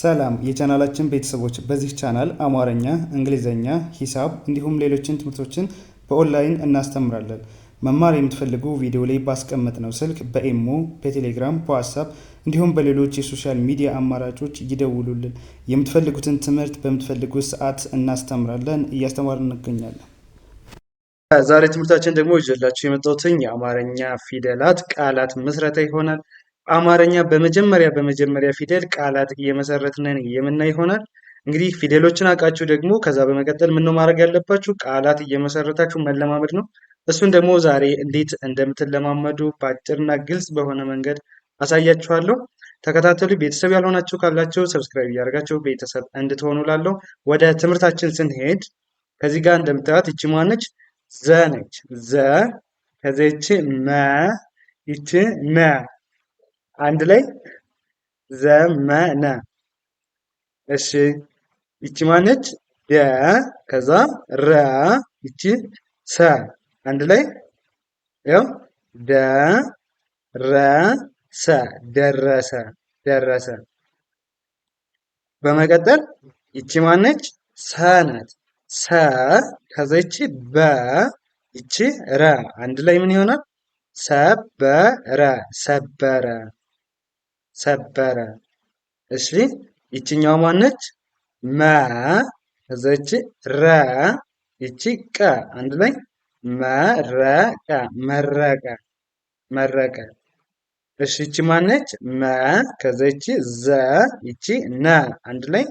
ሰላም የቻናላችን ቤተሰቦች፣ በዚህ ቻናል አማርኛ፣ እንግሊዝኛ፣ ሂሳብ እንዲሁም ሌሎችን ትምህርቶችን በኦንላይን እናስተምራለን። መማር የምትፈልጉ ቪዲዮ ላይ ባስቀመጥነው ስልክ በኢሞ በቴሌግራም በዋትሳፕ እንዲሁም በሌሎች የሶሻል ሚዲያ አማራጮች ይደውሉልን። የምትፈልጉትን ትምህርት በምትፈልጉት ሰዓት እናስተምራለን፣ እያስተማርን እንገኛለን። ዛሬ ትምህርታችን ደግሞ ይዤላችሁ የመጣሁት የአማርኛ ፊደላት ቃላት ምስረታ ይሆናል። አማርኛ በመጀመሪያ በመጀመሪያ ፊደል ቃላት እየመሰረትን የምናይ ይሆናል። እንግዲህ ፊደሎችን አውቃችሁ ደግሞ ከዛ በመቀጠል ምን ነው ማድረግ ያለባችሁ ቃላት እየመሰረታችሁ መለማመድ ነው። እሱን ደግሞ ዛሬ እንዴት እንደምትለማመዱ በአጭርና ግልጽ በሆነ መንገድ አሳያችኋለሁ። ተከታተሉ። ቤተሰብ ያልሆናችሁ ካላችሁ ሰብስክራይብ እያደረጋችሁ ቤተሰብ እንድትሆኑ ላለው ወደ ትምህርታችን ስንሄድ ከዚህ ጋር እንደምታዩት ይቺ ማነች? ዘ ነች። ዘ ከዚች መ ይቺ መ አንድ ላይ ዘመነ። እሺ ይቺ ማነች? ደ ከዛ ረ ይቺ ሰ አንድ ላይ ያው ደ ረ ሰ ደረሰ ደረሰ። በመቀጠል ይቺ ማነች? ሰ ናት። ሰ ከዛ ይቺ በ ይቺ ረ አንድ ላይ ምን ይሆናል? ሰበረ ሰበረ ሰበረ። እሺ ይችኛዋ ማነች? መ እዛች ረ ይቺ ቀ አንድ ላይ መረቀ መረቀ መረቀ። እሺ ይቺ ማነች? መ ከዘች ዘ ይቺ ነ አንድ ላይ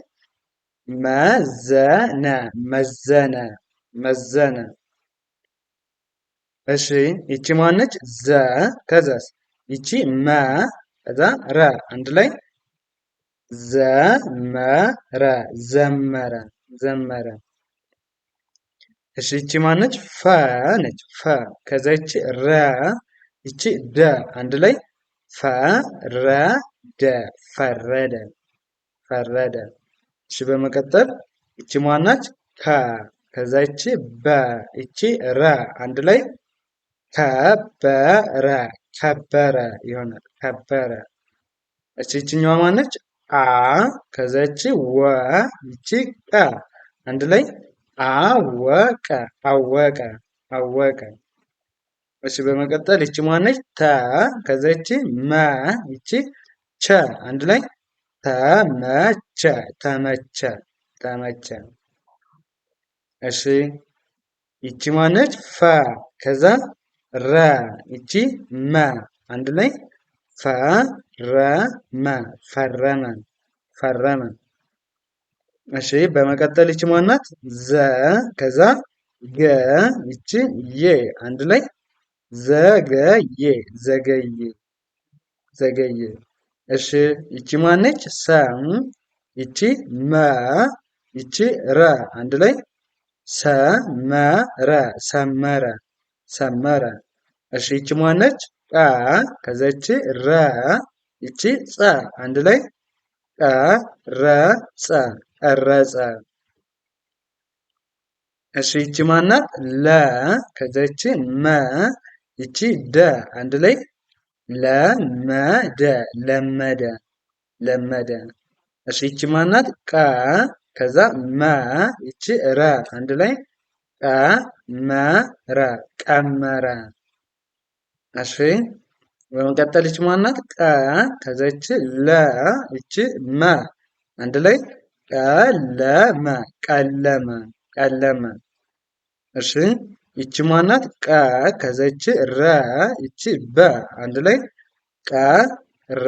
መዘነ መዘነ መዘነ። እሺ ይቺ ማነች? ዘ ከዘስ ይቺ መ ከዛ አንድ ላይ ዘመረ ዘመረ ዘመረ። እሺ እቺ ማነች? ፈ ነች። ፈ ከዛ እቺ ረ እቺ ደ አንድ ላይ ፈረደ ፈረደ ፈረደ። እሺ በመቀጠል እቺ ማናች? ከ ከዛ እቺ በ እቺ ረ አንድ ላይ ከበረ ከበረ ይሆናል። ከበረ ነበረ። እችኛዋ ማነች? አ ከዛች ወ ይቺ ቀ አንድ ላይ አወቀ አወቀ አወቀ። እሺ በመቀጠል ይቺ ማነች? ተ ከዛች መ ይቺ ቸ አንድ ላይ ተመቸ ተመቸ ተመቸ። እሺ ይቺ ማነች? ፈ ከዛ ረ ይቺ መ አንድ ላይ ፈረመ ፈረመ ፈረመ። እሺ በመቀጠል ይቺ ማናት? ዘ ከዛ ገ ይቺ የ አንድ ላይ ዘገየ ዘገየ ዘገየ። እሺ ይቺ ማነች? ሰም ይቺ መ ይቺ ረ አንድ ላይ ሰመረ ሰመረ ሰመረ። እሺ ይቺ ማነች? ቀ ከዘች ረ ይቺ ጸ አንድ ላይ ቀ ረ ጸ ቀረጸ። እሺ ይቺ ማናት? ለ ከዘች መ ይቺ ደ አንድ ላይ ለመደ ለመደ ለመደ። እሺ ይቺ ማናት? ቀ ከዛ መ ይቺ ረ አንድ ላይ መ ቀመረ ቀመረ እሺ በመቀጠል ይች ማናት? ቀ ከዘች ለ እች መ አንድ ላይ ቀለመ ቀለመ ቀለመ። እሺ ይቺ ማናት? ቀ ከዘች ረ እች በ አንድ ላይ ረ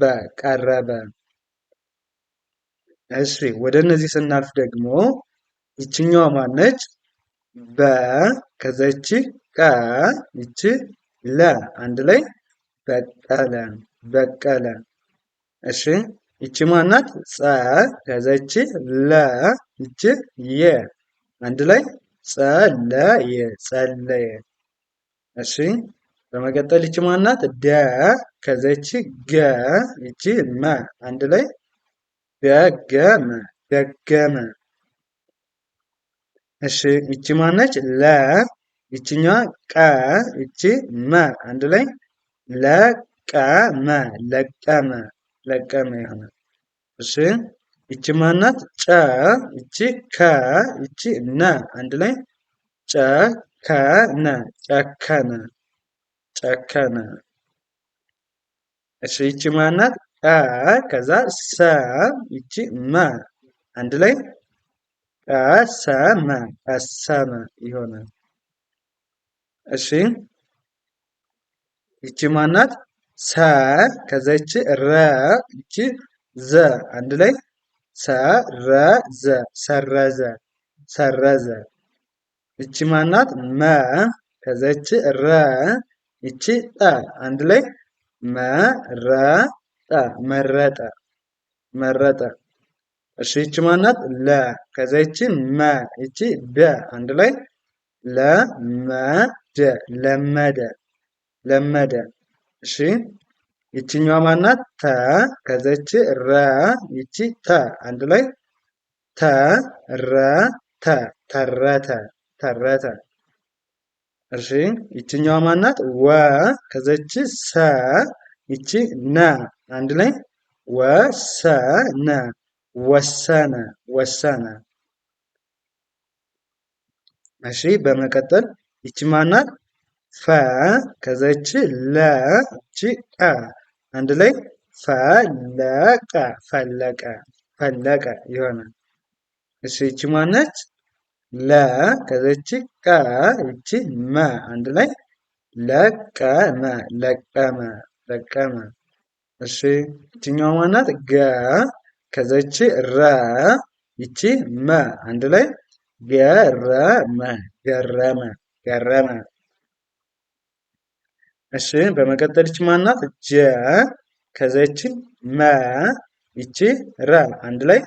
በ ቀረበ። እሺ ወደ እነዚህ ስናልፍ ደግሞ ይችኛዋ ማነች? በ ከዘች ቀ ይች ለ አንድ ላይ በቀለ በቀለ። እሺ ይቺ ማናት? ጸ ከዛ ይቺ ለ ይቺ የ አንድ ላይ ጸለየ ጸለየ። እሺ በመቀጠል ይቺ ማናት? ደ ከዛ ይቺ ገ ይቺ መ አንድ ላይ ደገመ ደገመ። እሺ ይቺ ማነች? ለ ይችኛዋ ቀ ይቺ መ አንድ ላይ ለቀመ ለቀመ ለቀመ ይሆናል። እሺ ይቺ ማናት? ጨ ይቺ ከ ይቺ ነ አንድ ላይ ጨከነ ጨከነ ጨከነ። እሺ ይቺ ማናት? ቀ ከዛ ሰ ይቺ መ አንድ ላይ ቀሰመ ቀሰመ ይሆናል። እሺ ይቺ ማናት? ሰ ከዛ ይቺ ረ ይቺ ዘ አንድ ላይ ሰ ረ ዘ ሰረዘ ሰረዘ። ይቺ ማናት? መ ከዛ ይቺ ረ ይቺ ጠ አንድ ላይ መ ረ ጠ መረጠ መረጠ። እሺ ይቺ ማናት? ለ ከዛ ይቺ መ ይቺ ደ አንድ ላይ ለመደ ለመደ ለመደ። እሺ ይችኛዋ ማናት? ተ ከዘች ረ ይቺ ተ አንድ ላይ ተ ረ ተ ተረተ ተረተ። እሺ ይችኛዋ ማናት? ወ ከዘች ሰ ይቺ ነ አንድ ላይ ወሰነ ወሰነ ወሰነ እሺ በመቀጠል ይቺ ማናት? ፈ ከዛች ለ ቺ ቀ አንድ ላይ ፈለቀ ፈለቀ ፈለቀ ይሆናል። እሺ ይቺ ማነች? ለ ከዛች ቀ ይቺ መ አንድ ላይ ለቀመ ለቀመ ለቀመ። እሺ ይችኛዋ ማናት? ገ ከዛች ረ ይቺ መ አንድ ላይ ገረመ ገረመ ገረመ። እሺ በመቀጠል ማናት? ጀ ከዛ መ ይቺ ረ አንድ ላይ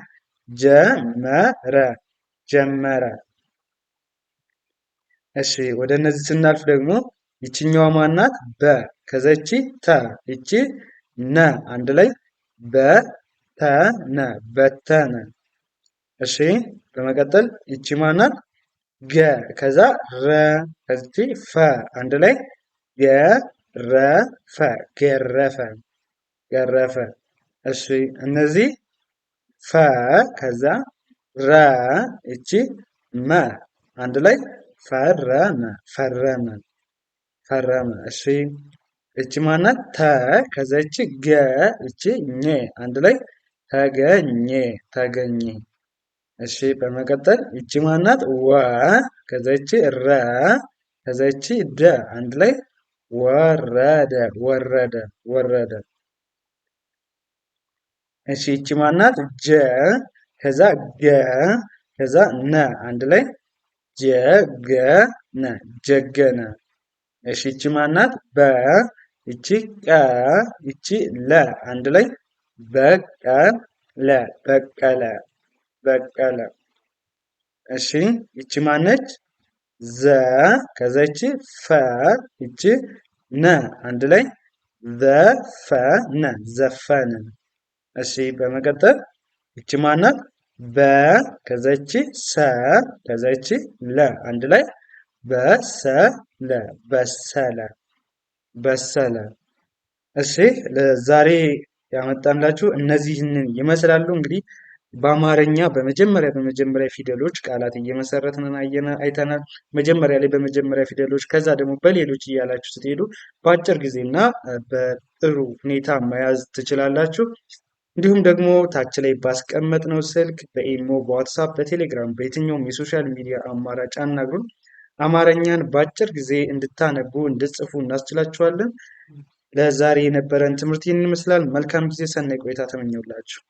ጀመረ ጀመረ። እሺ ወደ እነዚህ ስናልፍ ደግሞ ይችኛዋ ማናት? በ ከዛ ይቺ ተ ይቺ ነ አንድ ላይ በተነ በተነ እሺ በመቀጠል ይቺ ማናት? ገ ከዛ ረ ከዚች ፈ አንድ ላይ ገረፈ ገረፈ ገረፈ። እሺ እነዚህ ፈ ከዛ ረ እቺ መ አንድ ላይ ፈረመ ፈረመ ፈረመ። እሺ እቺ ማናት? ተ ከዛ እቺ ገ እቺ ኘ አንድ ላይ ተገኘ ተገኘ እሺ በመቀጠል ይቺ ማናት? ወ ከዛቺ ረ ከዛቺ ደ አንድ ላይ ወረደ ወረደ ወረደ። እሺ ይቺ ማናት? ጀ ከዛ ገ ከዛ ነ አንድ ላይ ጀገነ ጀገነ። እሺ ይቺ ማናት? በ ይቺ ቀ ይቺ ለ አንድ ላይ በቀለ በቀለ በቀለ። እሺ ይቺ ማነች? ዘ ከዛ ይቺ ፈ ይቺ ነ አንድ ላይ ዘፈነ ዘፈነ። እሺ በመቀጠል ይቺ ማናት? በ ከዛ ይቺ ሰ ከዛ ይቺ ለ አንድ ላይ በሰለ በሰለ በሰለ። እሺ ለዛሬ ያመጣንላችሁ እነዚህንን ይመስላሉ እንግዲህ በአማርኛ በመጀመሪያ በመጀመሪያ ፊደሎች ቃላት እየመሰረትን አይተናል። መጀመሪያ ላይ በመጀመሪያ ፊደሎች ከዛ ደግሞ በሌሎች እያላችሁ ስትሄዱ በአጭር ጊዜና በጥሩ ሁኔታ መያዝ ትችላላችሁ። እንዲሁም ደግሞ ታች ላይ ባስቀመጥ ነው ስልክ በኢሞ፣ በዋትሳፕ፣ በቴሌግራም በየትኛውም የሶሻል ሚዲያ አማራጭ አናግሩን። አማርኛን በአጭር ጊዜ እንድታነቡ እንድትጽፉ እናስችላችኋለን። ለዛሬ የነበረን ትምህርት ይህን ይመስላል። መልካም ጊዜ፣ ሰናይ ቆይታ ተመኘውላችሁ።